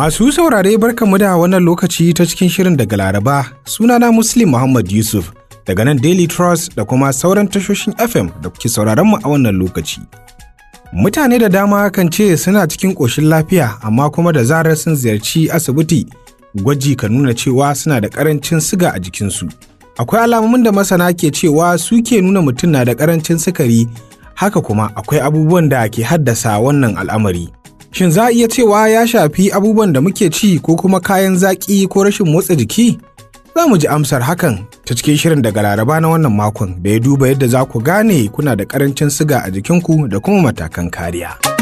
Masu saurare barkanmu da wannan lokaci ta cikin shirin daga Laraba, sunana Muslim Muhammad Yusuf daga nan Daily Trust da kuma sauran tashoshin FM da kuke sauraron mu a wannan lokaci. Mutane da dama kan ce suna cikin ƙoshin lafiya amma kuma da zarar sun ziyarci asibiti gwaji kan nuna cewa suna da ƙarancin siga a jikinsu. Akwai alamomin da masana ke cewa su ke nuna mutum na da ƙarancin sukari, haka kuma akwai abubuwan da ke haddasa wannan al'amari. Shin za a iya cewa ya shafi abubuwan da muke ci ko kuma kayan zaƙi ko rashin motsa jiki? Za mu ji amsar hakan ta cikin shirin daga Laraba na wannan makon da ya duba yadda za ku gane kuna da ƙarancin siga a jikinku da kuma matakan kariya.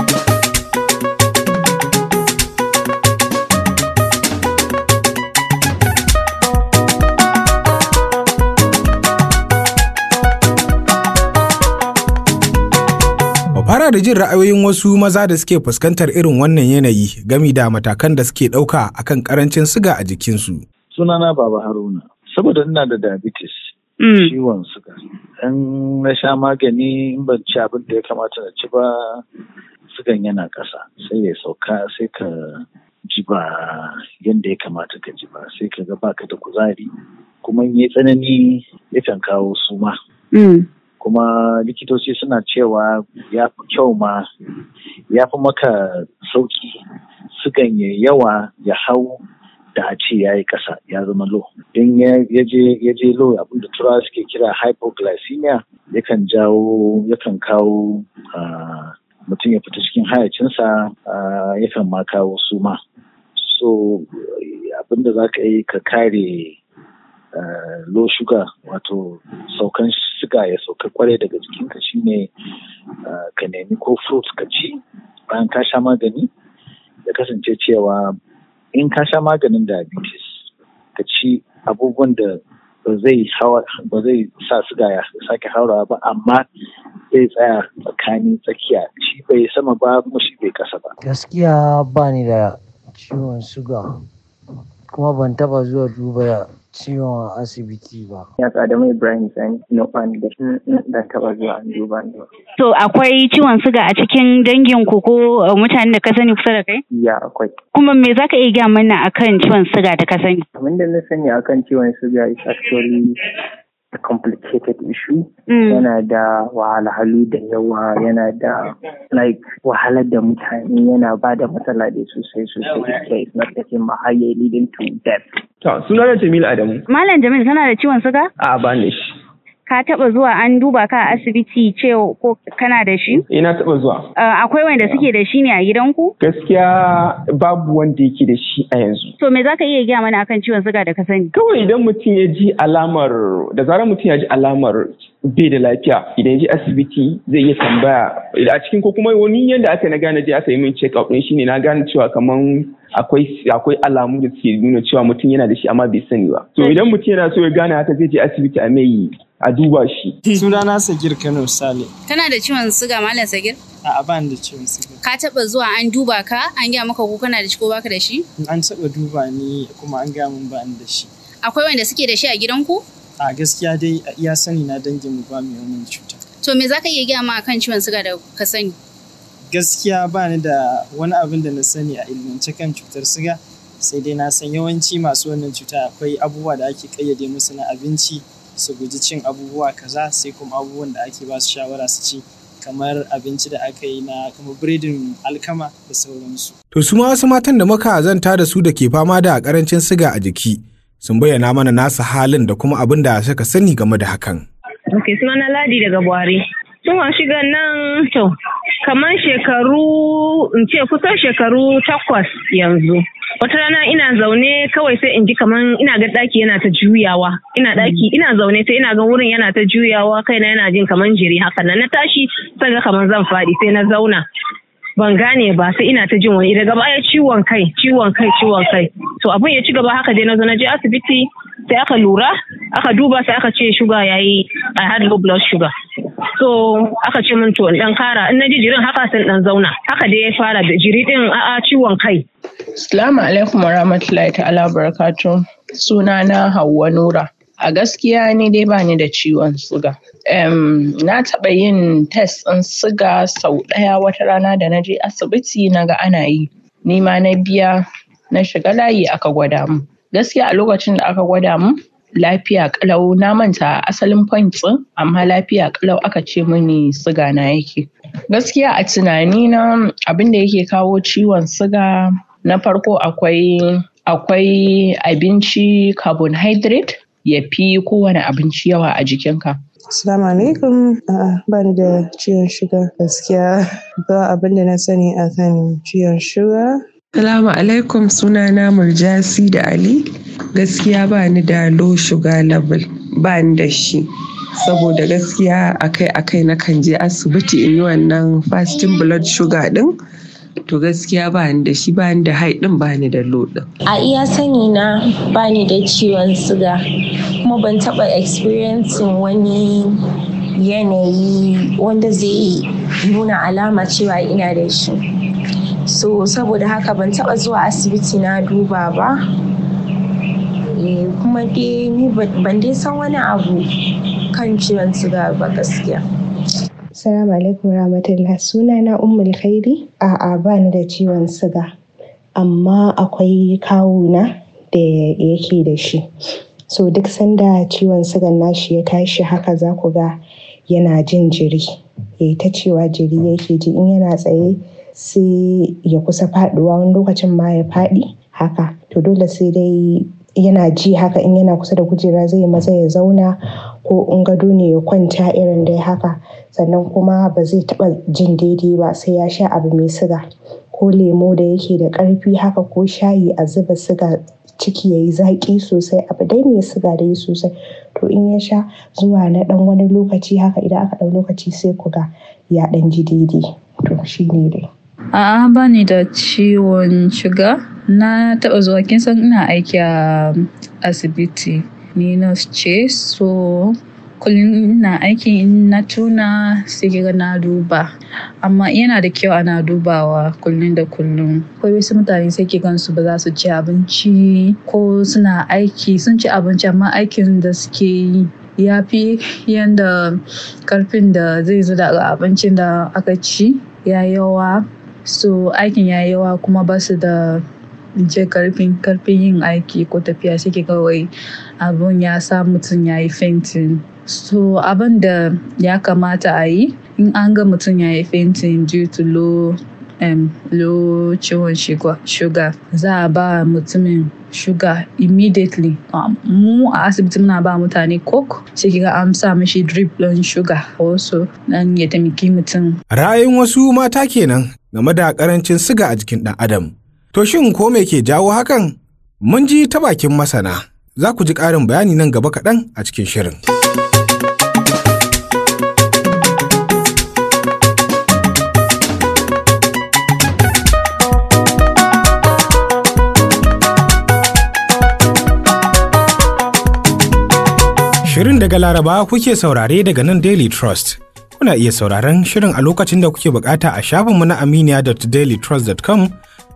fara da jin ra'ayoyin wasu maza da suke fuskantar irin wannan yanayi gami da matakan da suke ɗauka a kan karancin siga a jikinsu. Sunana Baba Haruna, saboda ina da diabetes, mm. ciwon suga. In na sha magani in ban ci abin da ya kamata na ci ba, sugan yana ƙasa, sai ya sauka sai ka ji ba yadda ya kamata ka ji ba, sai ka ga baka da kuzari, kuma in yi tsanani yakan kawo suma. Mm. kuma likitoci suna cewa ya fi kyau ma ya fi maka sauki sukan yi yawa ya hau da a ce ya yi ƙasa ya zama lo Don ya je lo abin da turawa suke kira hypoglycemia yakan jawo yakan kawo mutum ya fita cikin hayacinsa yakan ma kawo ma. so abin da za ka yi ka kare Eh, low sugar wato saukan suga ya sauka kwarai daga jikinka shine eh, ka nemi ko fruit ka ci bayan ka sha magani ya kasance cewa in ka sha maganin diabetes ka ci abubuwan da ba zai sa suga ya sake haurawa ba amma zai tsaya tsakanin tsakiya shi bai sama ba kuma shi bai kasa ba gaskiya ba ni da ciwon suga kuma ban taba zuwa duba ciwon asibiti ba. Ya mai Ibrahim Sani Nufan da da mm, mm, taba zuwa an duba ni. To akwai ciwon suga a cikin dangin ku ko uh, mutanen da ka sani kusa da kai? Ya akwai. Kuma me zaka iya gaya mana akan ciwon suga da ka sani? Abin da na sani akan ciwon suga is actually a complicated issue mm. yana da wahalhalu da yawa yana da like wahala da mutane yana ba da matsala da sosai sosai ita not taking leading to death. To suna Adamu. Malam Jamil kana da ciwon suga? A ba ni. ka taɓa zuwa an duba ka a asibiti ce ko kana da shi? Ina eh, taɓa zuwa. Eh, akwai wanda suke da shi ne a gidanku? Gaskiya babu wanda yake da shi a yanzu. To me za ka iya gaya mana akan ciwon suga da ka sani? Kawai idan mutum ya ji alamar da zarar mutum ya ji alamar bai da lafiya idan ya je asibiti zai iya tambaya a cikin ko kuma wani yadda aka na gane je aka yi min check up shi shine na gane cewa kaman akwai akwai alamu da suke nuna cewa mutum yana da shi amma bai sani ba to idan mutum yana so ya gane haka zai je asibiti a mai a duba shi. Sunana Sagir Kano Sale. Kana da ciwon suga Malam Sagir? A ban da ciwon suga. Ka taba zuwa an duba ka an gaya maka ko kana da shi ko baka da shi? An taba duba ni kuma an gaya min ba da shi. Akwai wanda suke da shi a gidanku? A gaskiya dai a iya sani na dangin mu ba mu yi wannan cuta. To me zaka iya gaya ma kan ciwon suga da ka sani? Gaskiya ba ni da wani abin da na sani a ilmance kan cutar suga sai dai na san yawanci masu wannan cuta akwai abubuwa da ake kayyade musu na abinci su guji cin abubuwa kaza sai kuma abubuwan da ake ba su shawara su ci kamar abinci da aka yi na kamar biredin alkama da sauransu. To su ma wasu matan da muka zanta da su da ke fama da karancin siga a jiki sun bayyana mana nasu halin da kuma abin da suka sani game da hakan. Ok, suna na Ladi daga Buhari. Tun shiga nan to, kamar shekaru, in ce kusan shekaru takwas yanzu. wata rana ina zaune kawai sai in ji kamar ina ga daki yana ta juyawa ina daki mm. ina zaune sai ina ga wurin yana ta juyawa kaina yana jin kamar jiri haka nan na tashi sai ga kaman zan fadi sai na zauna ban gane ba sai ina ta jin wani daga baya ciwon kai ciwon kai ciwon kai to abun ya ci gaba haka dai na zo na je asibiti sai aka lura aka duba sai aka ce shuga yayi i had low blood sugar so aka ce min to in dan kara in naji jirin haka sun dan zauna haka dai ya fara da jiri din a ciwon kai assalamu alaikum warahmatullahi ta'ala Suna na Hauwa Nura a gaskiya ni dai ba ni da ciwon suga. Um, na taɓa yin test ɗin suga sau ɗaya wata rana da na je asibiti na ga ana yi. nima na biya na shiga layi aka gwada mu. Gaskiya a lokacin da aka gwada mu lafiya kalau na manta asalin point ɗin amma lafiya kalau aka ce mini siga na yake gaskiya a tunani na abin da yake kawo ciwon siga na farko akwai akwai abinci carbohydrate ya fi kowane abinci yawa a jikinka Assalamu alaikum. ba ni da ciwon shuga gaskiya ba abin da na sani a kan ciwon shiga. Salamu alaikum sunana Murjasi da Ali. Gaskiya ba ni da low sugar level, ba ni da shi. Saboda gaskiya akai-akai na kan je asibiti in yi wannan fasting blood sugar din, To gaskiya ba ni da shi, ba ni da high din ba ni da low din. A iya sani na ba ni da ciwon suga, kuma ban taɓa experiencing wani yanayi wanda zai nuna alama cewa ina da shi. so saboda haka ban taɓa zuwa asibiti na duba ba eh, kuma dai ni ban dai san wani abu kan ciwon siga ba gaskiya salamu alaikum rahmatullah suna na ummul khairi a'a bani da ciwon siga amma akwai kawuna da yake da shi so duk sanda ciwon sigan nashi ya tashi haka za ku ga yana jin jiri ya eh, ta cewa jiri yake ji in yana tsaye sai ya kusa faɗuwa wani lokacin ma ya fadi haka to dole sai dai yana ji haka in yana kusa da kujera zai maza ya zauna ko in gado ne ya kwanta irin dai haka sannan kuma ba zai taɓa jin daidai ba sai ya sha abu mai siga ko lemo da yake da ƙarfi haka ko shayi a zuba siga ciki yayi zaƙi sosai abu dai mai siga dai sosai to in ya sha zuwa na ɗan wani lokaci haka idan aka ɗau lokaci sai ku ga ya ɗan ji daidai to shi ne dai. A'a ni da ciwon shiga. Na taɓa zuwa kin san ina aiki a um, asibiti, ni nurse ce so kullum ina aiki in na tuna sai ga na duba. Amma yana da kyau ana dubawa kullum da kullum. Akwai wasu mutane sai ke gansu ba za su ci abinci ko suna aiki sun ci abinci amma aikin da suke yi ya fi yadda karfin da zai zo daga abincin da aka ci ya yawa. so aikin ya yi yawa kuma ba su da je karfin karfin yin aiki ko tafiya ke kawai abin ya sa mutum ya yi fentin so abin da ya kamata a yi in an ga mutum ya yi fentin due to low um, low ciwon shuga za a ba mutumin shuga immediately um, mu a asibiti muna ba mutane coke sai kiga an sa mishi drip don shuga wasu nan ya taimaki mutum ra'ayin wasu mata kenan game da ƙarancin siga a jikin ɗan adam. To shin ko me ke jawo hakan? Mun ji ta bakin masana, za ku ji ƙarin bayani nan gaba kaɗan a cikin shirin. Shirin daga Laraba kuke saurare daga nan Daily Trust. kuna iya sauraron shirin a lokacin da kuke bukata a shafinmu na aminiya.dailytrust.com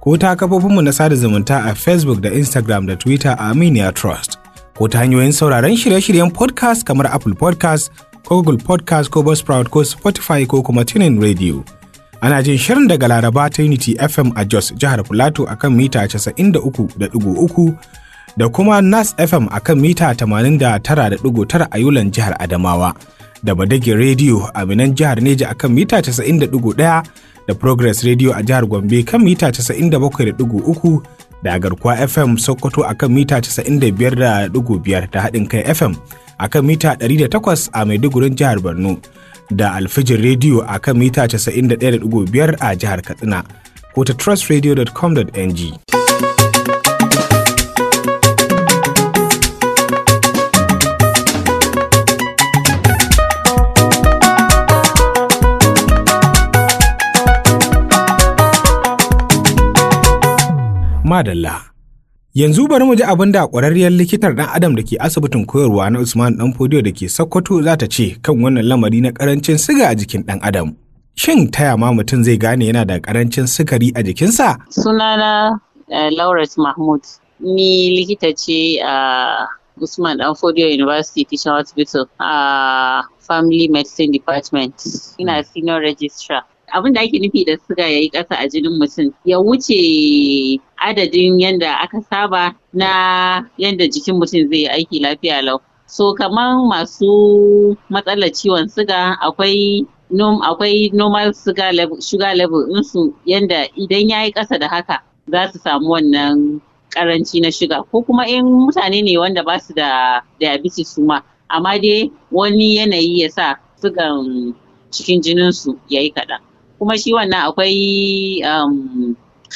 ko ta kafofinmu na sada zumunta a Facebook da Instagram da Twitter a Aminiya Trust. Ko ta hanyoyin sauraron shirye-shiryen podcast kamar Apple podcast ko Google podcast ko Buzzsprout ko Spotify ko kuma Tunin Radio. Ana jin shirin daga Laraba ta Unity FM a Jos jihar Filato akan mita 93.3 da kuma Nas FM akan mita 89.9 a Yulan jihar Adamawa. da badagin Radio a Binan jihar Neja a kan mita 90.1 da Progress Radio a jihar Gombe kan mita 97.3 da Garkuwa FM Sokoto kan mita 95.5 da haɗin kai FM a kan mita 108 a Maidugurin jihar Borno da Alfijin Radio kan mita 91.5 a jihar Katsina ko ta trustradio.com.ng. madalla. Yanzu bari mu ji abin da ƙwararriyar likitar ɗan Adam da ke asibitin koyarwa na Usman ɗan Fodiyo da ke Sokoto za ta ce kan wannan lamari na ƙarancin siga a jikin ɗan Adam. Shin taya ma mutum zai gane yana da ƙarancin sukari a jikinsa? Sunana uh, eh, Laurat Mahmud, ni likita ce a Usman ɗan Fodiyo University Teaching Hospital a Family Medicine Department. Ina senior registrar. abin da ake nufi da suga ya yi ƙasa a jinin mutum ya wuce adadin yadda aka saba na yadda jikin mutum zai aiki lafiya lau so kamar masu matsalar ciwon suga akwai nom, akwai normal sugar level sugar level insu yanda idan yayi ƙasa da haka za su samu wannan karanci na shiga ko kuma in mutane ne wanda ba su da diabetes su ma amma dai wani yanayi ya sa sugan cikin jininsu ya yi kaɗan. kuma shi wannan akwai um,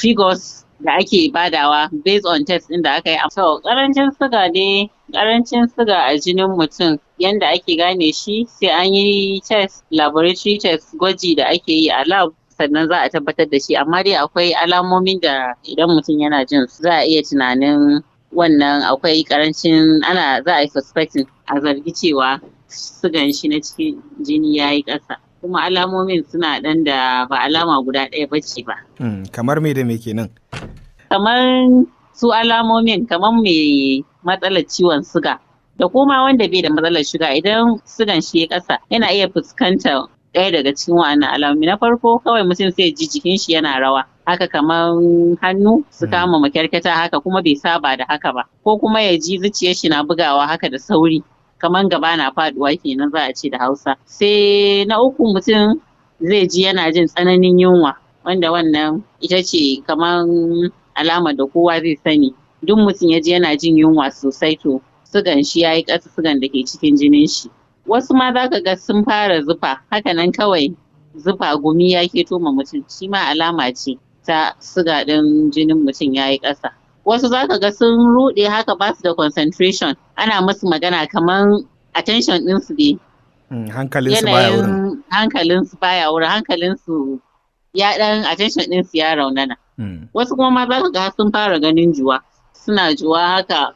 figures da ake badawa based on test ɗin da aka yi. So, ƙarancin suga ne, karancin suga a jinin mutum yanda ake gane shi sai an yi test, laboratory test gwaji da ake yi a lab sannan za a tabbatar da shi. Amma dai akwai alamomin da idan mutum yana jin su za a iya tunanin wannan akwai ƙarancin ana za a yi suspecting a zargi cewa sugan shi na cikin jini ya yi ƙasa. kuma alamomin suna ɗan da ba alama guda ɗaya bace ba. Hmm, kamar me da me kenan? Kamar su alamomin kamar mai matsalar ciwon suga da kuma wanda bai da matsalar shiga idan sugan shi ya ƙasa yana iya fuskanta ɗaya daga cikin wa'annan alamomi na farko kawai mutum sai ji jikin shi yana rawa haka kamar hannu su hmm. kama makyarkata haka kuma bai saba da haka ba ko kuma ya ji zuciyar shi na bugawa haka da sauri kaman gaba na faduwa kenan za a ce da hausa sai na uku mutum zai ji yana jin tsananin yunwa wanda wannan ita ce kamar alama da kowa zai sani duk mutum ya ji yana jin yunwa sosai to sugan shi ya yi ƙasa sugan da ke cikin jinin shi wasu ma za ka ga sun fara zufa haka nan kawai zufa gumi ya ke toma mutum shi ma alama ce ta siga ɗin jinin mutum ya yi ƙasa wasu zaka ga sun rude haka ba su da concentration ana musu magana kamar attention din su ne hmm, hankalin su baya hankalin su baya wurin hankalin su ya dan attention din su ya raunana hmm. wasu kuma ma zaka ga sun fara ganin juwa suna juwa haka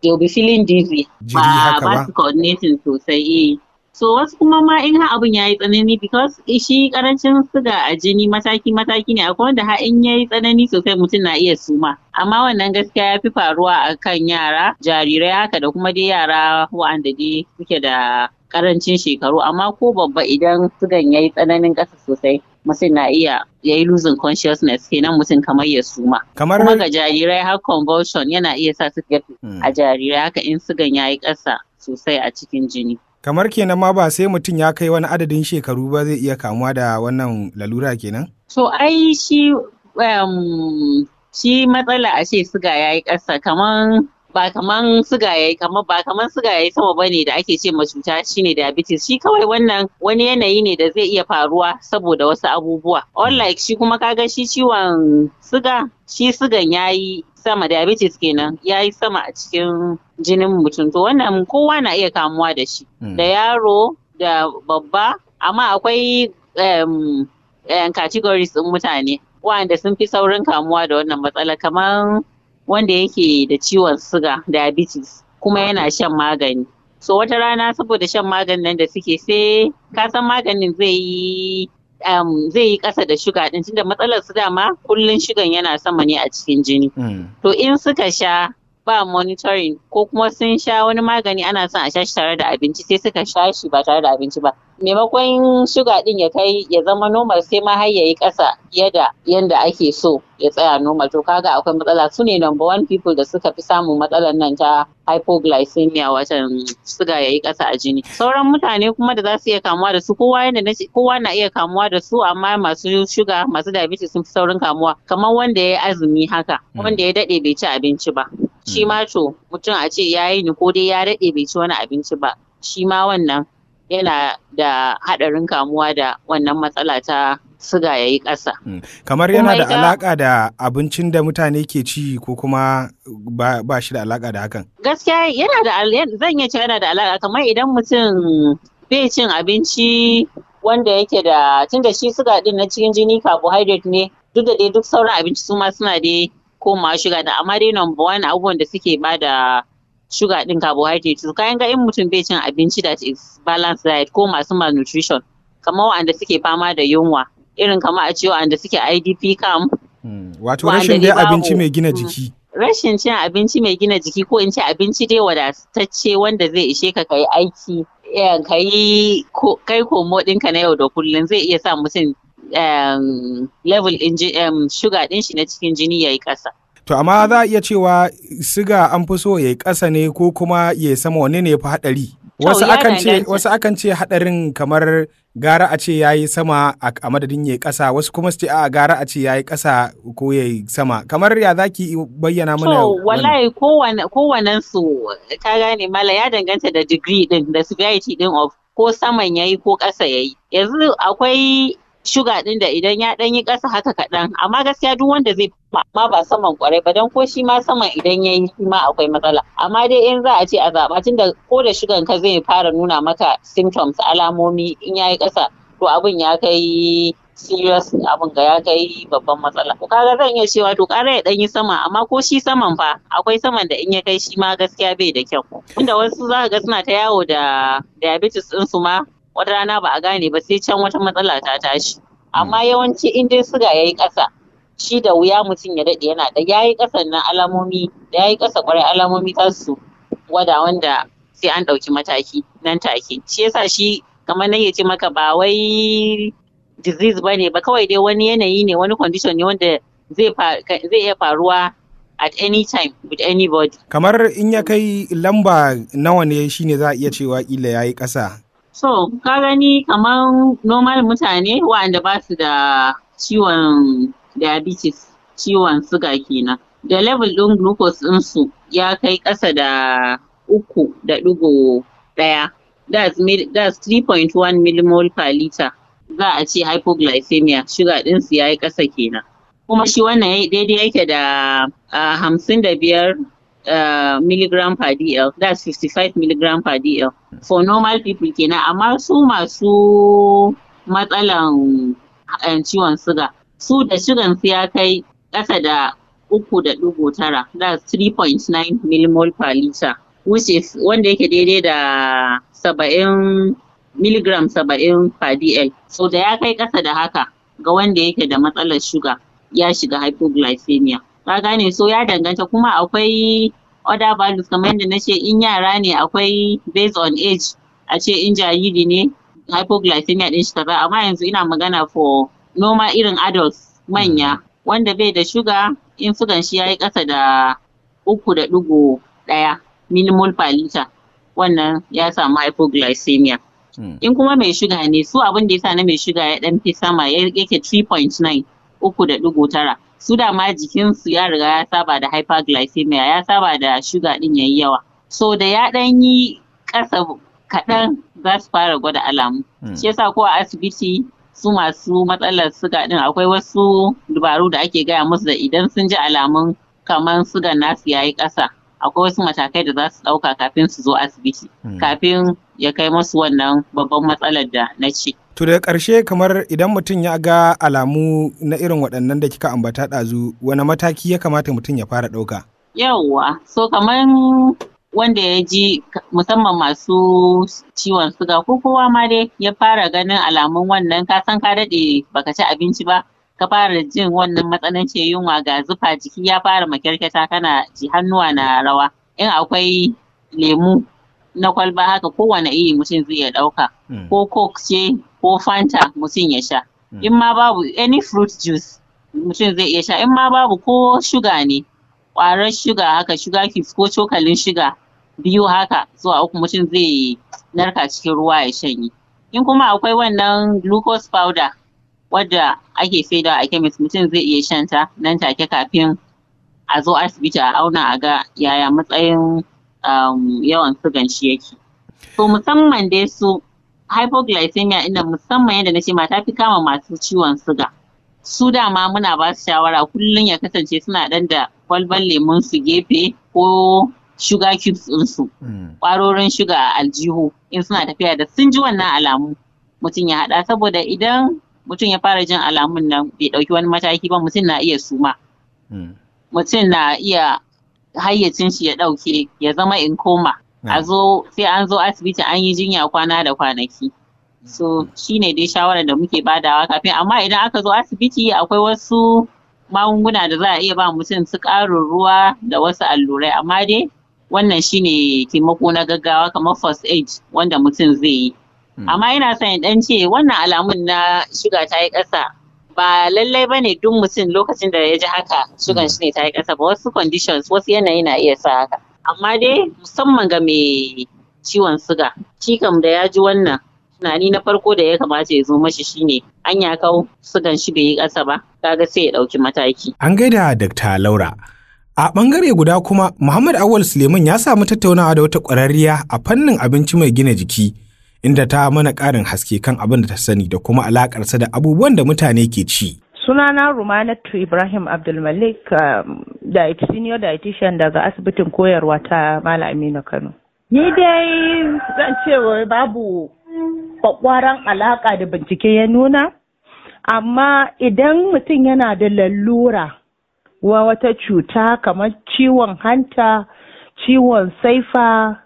they'll be feeling dizzy ba ba su coordinating sosai eh So wasu kuma ma in ha abun yayi tsanani because shi karancin suga a jini mataki mataki ne akwai wanda ha in yayi tsanani sosai mutum na iya suma. Amma wannan gaskiya ya fi faruwa a kan yara jarirai haka da kuma dai yara wa'anda dai suke da karancin shekaru amma ko babba idan sugan yayi tsananin ƙasa sosai mutum na iya ya yi losing consciousness kenan mutum kamar ya suma. Kamar kuma ga jarirai har convulsion yana iya sa su hmm. a jarirai haka in sugan yayi ƙasa sosai a cikin jini. kamar kenan ma ba sai mutum ya kai wani adadin shekaru ba zai iya kamuwa da wannan lalura kenan so ai shi um, shi matsala a ce suga yi ƙasa kamar ba kaman suga yayi kamar ba kaman suga yayi sama bane da ake ce ma cuta shine diabetes shi kawai wannan wani yanayi ne da zai iya faruwa saboda wasu abubuwa unlike shi kuma kaga shi ciwon suga shi sugan yayi sama diabetes kenan ya yi sama a cikin jinin mutum to wannan kowa na iya kamuwa da shi hmm. da yaro da babba amma akwai um, categories in mutane wanda sun fi saurin kamuwa da wannan matsala kamar wanda yake da ciwon suga diabetes kuma yana shan magani so wata rana saboda shan maganin nan da suke sai ka san maganin zai yi Um, zai yi ƙasa da shuga ɗin tunda matsalar su dama kullun shugan yana sama ne a cikin jini. Hmm. To in suka sha ba monitoring ko kuma sun sha wani magani ana son a sha shi tare da abinci sai suka sha shi ba tare da abinci ba maimakon suga din ya kai ya zama normal sai ma har yayi kasa fiye yanda ake so ya tsaya normal to kaga akwai matsala su ne number one people da suka fi samun matsalar nan ta hypoglycemia watan suga yayi kasa a jini sauran mutane kuma da za su iya kamuwa da su kowa yana kowa na iya kamuwa da su amma masu suga masu diabetes sun fi saurin kamuwa kamar wanda ya azumi haka wanda ya dade bai ci abinci ba shi ma to mutum a ce ya yi ni ko dai ya daɗe bai ci wani abinci ba shi ma wannan yana da haɗarin kamuwa da wannan matsala ta suga ya yi ƙasa. Hmm. Kamar yana da alaƙa da abincin da mutane ke ci ko kuma ba shi da alaƙa da hakan? Gaskiya yana da zan iya ce yana da alaƙa kamar idan mutum bai cin abinci wanda yake da tunda shi suga din na cikin jini carbohydrate ne duk da dai duk sauran abinci su ma suna dai komawa shuga da amma dai number one abubuwan da suke bada shuga din carbohydrates kayan ga in mutum bai cin abinci that is balanced diet ko masu malnutrition kamar wanda suke fama da yunwa irin kamar a ce wanda suke IDP camp hmm, wato rashin dai abinci mai gina jiki hmm. rashin cin abinci mai gina jiki ko in ce abinci dai wadatacce wanda zai ishe ka kai aiki eh, ka kai komo ɗinka na yau da kullum zai iya sa mutum Um, level ɗin um, suga ɗin shi na cikin jini ya yi ƙasa. To amma za a iya cewa siga an fi so ya yi ƙasa ne ko kuma ya sama wani ne fi haɗari. Wasu akan ce haɗarin kamar gara a ce ya yi sama a madadin ya yi ƙasa wasu kuma su ce a gara a ce ya yi ƙasa ko ya yi sama kamar ya za ki bayyana mana to wallahi kowane kowannen su ta gane mala ya danganta da degree din da severity din of ko saman ya yi ko ƙasa ya yi. yanzu akwai Shuga ɗin da idan ya ɗan yi ƙasa haka kaɗan amma gaskiya duk wanda zai amma ba saman kwarai ba don ko shi ma saman idan ya yi shi ma akwai matsala amma dai in za a ce a zaɓa tun da ko da shugan ka zai fara nuna maka symptoms alamomi in ya yi ƙasa to abin ya kai serious abin ga ya kai babban matsala ko kaga zan iya cewa to ƙara ya ɗan yi sama amma ko shi saman fa akwai saman da in ya kai shi ma gaskiya bai da kyau tunda wasu za ka ga suna ta yawo da diabetes ɗinsu ma wata rana ba a gane ba sai can wata matsala ta tashi hmm. amma yawanci in dai suga ya yi ƙasa shi da wuya mutum ya daɗe yana da ya yi ƙasa na alamomi da ya yi ƙasa ƙwarai alamomi ta su gwada wanda sai an ɗauki mataki nan take shi yasa shi kamar nan ya ce maka ba wai disease ba ne ba kawai dai wani yanayi ne wani condition ne wanda zai iya faruwa at any time with anybody kamar in ya kai lamba nawa ne shine za a iya cewa kila ya yi ƙasa So, ka gani kamar normal mutane wa'anda ba su da ciwon diabetes, ciwon suga kenan. Da level ɗin glucose ɗinsu ya kai ƙasa da uku da ɗigo ɗaya. That's, that's 3.1 millimol per liter. Za a ce hypoglycemia, sugar ɗinsu ya yi ƙasa kenan. Kuma shi wannan daidai yake da ah, hamsin da biyar Uh, milligram per dl that's 55 milligram per dl for normal people kenan amma su masu matsalan ciwon suga su da sugan su ya kai kasa da uku da ɗigo tara that's 3.9 millimol per liter which is wanda yake daidai da saba'in milligram saba'in per dl so da ya kai kasa da haka ga wanda yake da matsalar suga ya shiga hypoglycemia ka gane so ya danganta kuma akwai other values kamar yadda na ce in yara ne akwai based on age a ce in jariri ne hypoglycemia din shi kaza amma yanzu ina magana for normal irin adults manya hmm. wanda bai da sugar in sugan shi yayi kasa da uku da ɗigo ɗaya minimal per liter wannan ya samu hypoglycemia hmm. in kuma mai shuga ne su abin da ya sa na mai shuga ya dan fi sama yake 3.9 uku da ɗigo tara su da ma jikinsu ya riga ya saba da hyperglycemia ya saba da shuga din yayi yawa so da ya dan yi kasa kaɗan za su fara gwada alamu hmm. shi yasa ko a asibiti su masu matsalar suga din akwai wasu dubaru da ake gaya musu da idan sun ji alamun kamar suga nasu yayi ƙasa akwai wasu matakai da za su ɗauka kafin su zo asibiti hmm. kafin ya kai musu wannan babban matsalar da na ce To daga ƙarshe kamar idan mutum ya ga alamu na irin waɗannan da kika ambata ɗazu wani mataki ya kamata mutum ya fara ɗauka? Yawwa, so kamar wanda ya ji musamman masu ciwon suga ko kowa ma dai ya fara ganin alamun wannan ka san ka daɗe baka ci abinci ba ka fara jin wannan matsanancin yunwa ga zufa jiki ya fara makyarkyata kana ji hannuwa na rawa in akwai lemu na kwalba haka kowane iri mutum zai iya ɗauka hmm. ko coke ce ko fanta mutum ya sha hmm. in ma babu any fruit juice mutum zai iya sha in ma babu ko shuga ne ƙwarar shuga haka shuga cubes ko cokalin shuga biyu haka zuwa uku mutum zai narka cikin ruwa ya shanye in kuma akwai wannan glucose powder wadda ake saida a kemis mutum zai iya shanta nan take kafin a zo asibiti a auna a ga yaya matsayin um, yawan sugan shi yake to musamman dai su hypoglycemia ina musamman yadda na ce mata fi kama masu ciwon suga su dama muna ba su shawara kullum ya kasance suna ɗan da kwalban lemun su gefe ko shuga cubes ɗinsu hmm. ƙwarorin shuga a aljihu in suna tafiya da sun ji wannan alamu mutum ya haɗa saboda idan mutum ya fara jin alamun nan bai ɗauki wani mataki ba mutum na iya suma hmm. mutum na iya hayyacin shi ya ɗauke ya zama in koma a zo sai an zo asibiti an yi jinya kwana da kwanaki so shine dai shawarar da muke badawa kafin amma idan aka zo asibiti akwai wasu magunguna da za a iya ba mutum su ƙarin ruwa da wasu allurai amma dai wannan shine taimako na gaggawa kamar first aid wanda mutum zai yi hmm. amma yana son dan ce wannan alamun na shuga ta yi ƙasa ba lallai ba ne duk mutum lokacin da ya ji haka shugan shi ne ta yi ƙasa ba wasu conditions wasu yanayi na iya sa haka amma dai musamman ga mai ciwon suga shi da ya ji wannan tunani na farko da ya kamata ya zo mashi shine an ya kawo sugan shi bai yi ƙasa ba kaga sai ya ɗauki mataki. An gaida Dr. Laura. A bangare guda kuma Muhammad Awal Suleiman ya samu tattaunawa da wata ƙwararriya a fannin abinci mai gina jiki inda ta mana ƙarin haske kan abin da ta sani da kuma alaƙarsa da abubuwan da mutane ke ci. sunana rumanatu ibrahim abdulmalik um, da senior dietitian daga asibitin koyarwa ta malamina kano ni dai zan babu kwakwaran alaka da bincike ya nuna amma idan mutum yana da lalura wa wata cuta kamar ciwon hanta ciwon saifa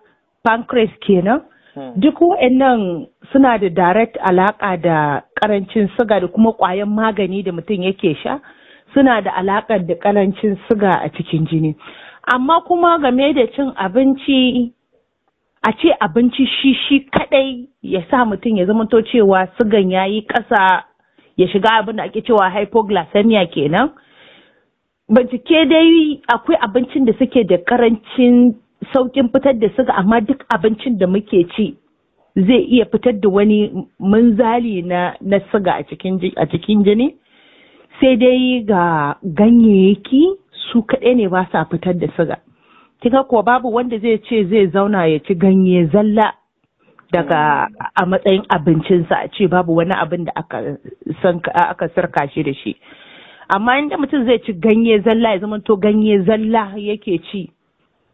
pancreas kenan hmm. duk waɗannan suna da direct alaƙa da ƙarancin siga da kuma ƙwayan magani da mutum yake sha suna da alaƙar da ƙarancin siga a cikin jini amma kuma game da cin abinci a ce abinci shi shi kaɗai ya sa mutum ya zama to cewa sigan ya yi ƙasa ya shiga abin da ake cewa hypoglycemia kenan bincike dai akwai abincin da suke da ƙarancin sauƙin fitar da siga amma duk abincin da muke ci zai iya fitar da wani munzali na na siga a cikin jini sai dai ga ganyayyaki su kaɗai ne ba sa fitar da siga kika kuwa babu wanda zai ce zai zauna ya ci ganye zalla daga a matsayin abincinsa a ce babu wani abin da aka sarka shi da shi amma inda mutum zai ci ganye zalla ya zama to ganye zalla yake ci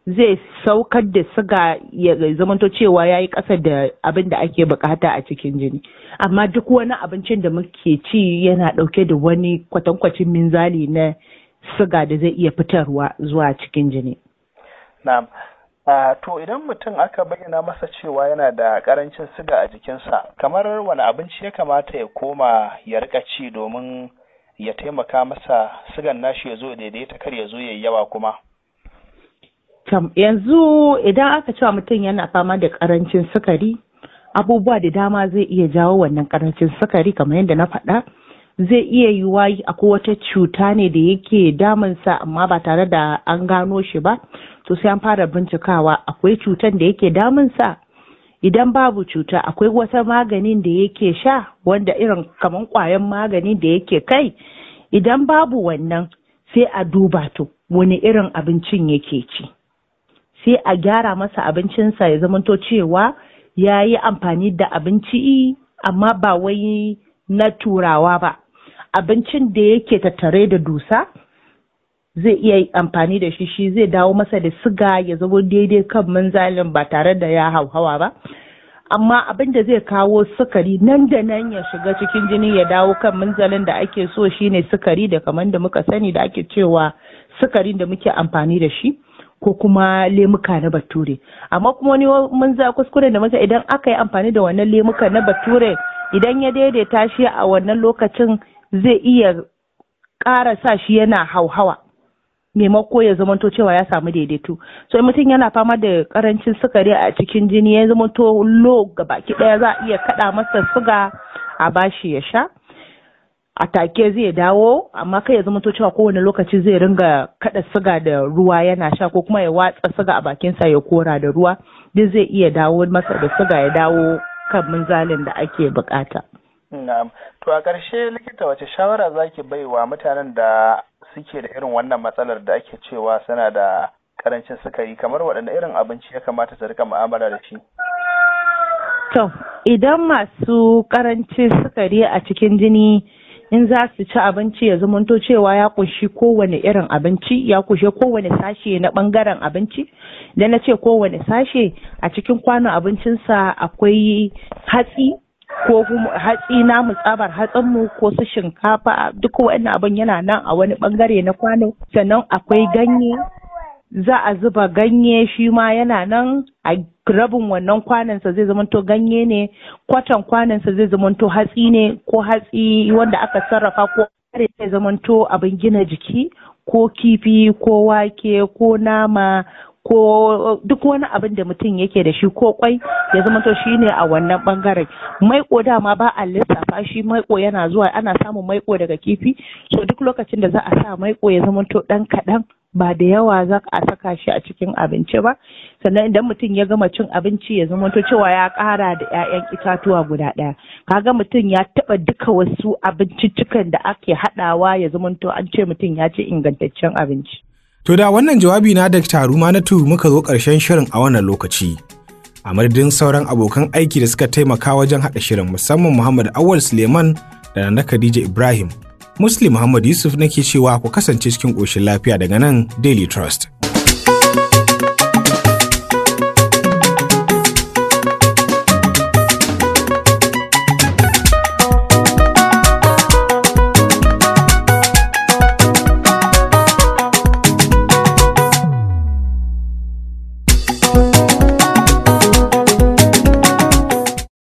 zai saukar da suga ya zamanto cewa ya yi ƙasa da abin da ake bukata a cikin jini amma duk wani abincin da muke ci yana ɗauke da wani kwatankwacin minzali na suga da zai iya fitarwa zuwa cikin jini na'am to idan mutum aka bayyana masa cewa yana da karancin suga a jikinsa kamar wani abinci ya kamata ya koma ya rika ci domin ya taimaka masa sugan nashi ya zo ta kar ya zo yawa kuma yanzu idan aka cewa mutum yana fama da karancin sukari abubuwa da dama zai iya jawo wannan karancin sukari kamar yadda na faɗa zai iya yiwuwa akwai wata cuta ne da yake damunsa amma ba tare da an gano shi ba to sai an fara bincikawa akwai cutan da yake damunsa idan babu cuta akwai wata maganin da yake sha wanda irin kamar kwayan magani da yake kai idan babu wannan sai a duba to wani irin abincin yake ci sai a gyara masa abincinsa ya zamanto cewa ya yi amfani da abinci amma ba wai na turawa ba abincin da yake tattare da dusa zai iya amfani da shi shi zai dawo masa da siga ya zama daidai kan manzalin ba tare da ya hauhawa ba amma abin da zai kawo sukari nan da nan ya shiga cikin jini ya dawo kan manzalin da ake so shine sukari da kamar da muka sani da ake cewa sukarin da muke amfani da shi ko kuma lemuka na bature amma kuma wani mun za kuskure da muka idan aka yi amfani da wannan lemuka na bature idan ya daidaita shi a wannan lokacin zai iya ƙara sa shi yana hauhawa maimako ya zamanto cewa ya samu daidaito so in mutum yana fama da karancin sukari a cikin jini ya zamanto low gaba baki daya za a iya kada masa suga a bashi ya sha a take zai dawo amma kai ya zama to cewa kowane lokaci zai ringa kada siga da ruwa yana sha ko kuma ya watsa siga a bakinsa ya kora da ruwa duk zai iya dawo masa da siga ya dawo kan munzalin da ake bukata. Na'am. To a ƙarshe likita wace shawara zaki baiwa mutanen da suke da irin wannan matsalar da ake cewa suna da karancin sukari kamar waɗanne irin abinci ya kamata su rika mu'amala da shi? To, idan masu karancin sukari a cikin jini in za su ci abinci ya zamanto cewa ya kunshi kowane irin abinci ya kunshi kowane sashe na bangaren abinci da na ce kowane sashe a cikin kwano abincinsa akwai hatsi ko hatsi na musabar hatsin mu ko su shinkafa duk wani abin yana nan a wani bangare na kwano sannan akwai ganye za a zuba ganye shi ma yana nan a rabin wannan kwanansa zai zamanto ganye ne kwatan kwanansa zai zamanto hatsi ne ko hatsi wanda aka sarrafa ko kare zai zamanto abin gina jiki ko kifi ko wake ko nama ko duk wani abin da mutum yake da shi ko kwai ya zama to shi ne a wannan bangaren maiko dama ba a lissafa shi maiko yana zuwa ana samun maiko daga kifi so duk lokacin da za a sa maiko ya zama to dan kaɗan ba da yawa za a saka shi a cikin abinci ba sannan idan mutum ya gama cin abinci ya zama cewa ya kara da 'ya'yan itatuwa guda ɗaya kaga mutum ya taɓa duka wasu abinciccikan da ake haɗawa ya zama an ce mutum ya ci ingantaccen abinci. To da wannan jawabi na da taru ma na tu muka zo ƙarshen shirin a wannan lokaci. A madadin sauran abokan aiki da suka taimaka wajen haɗa shirin musamman Muhammad Awal Suleiman da na Khadija Ibrahim. Muslim Muhammad Yusuf nake cewa ku kasance cikin ƙoshin lafiya daga nan Daily Trust.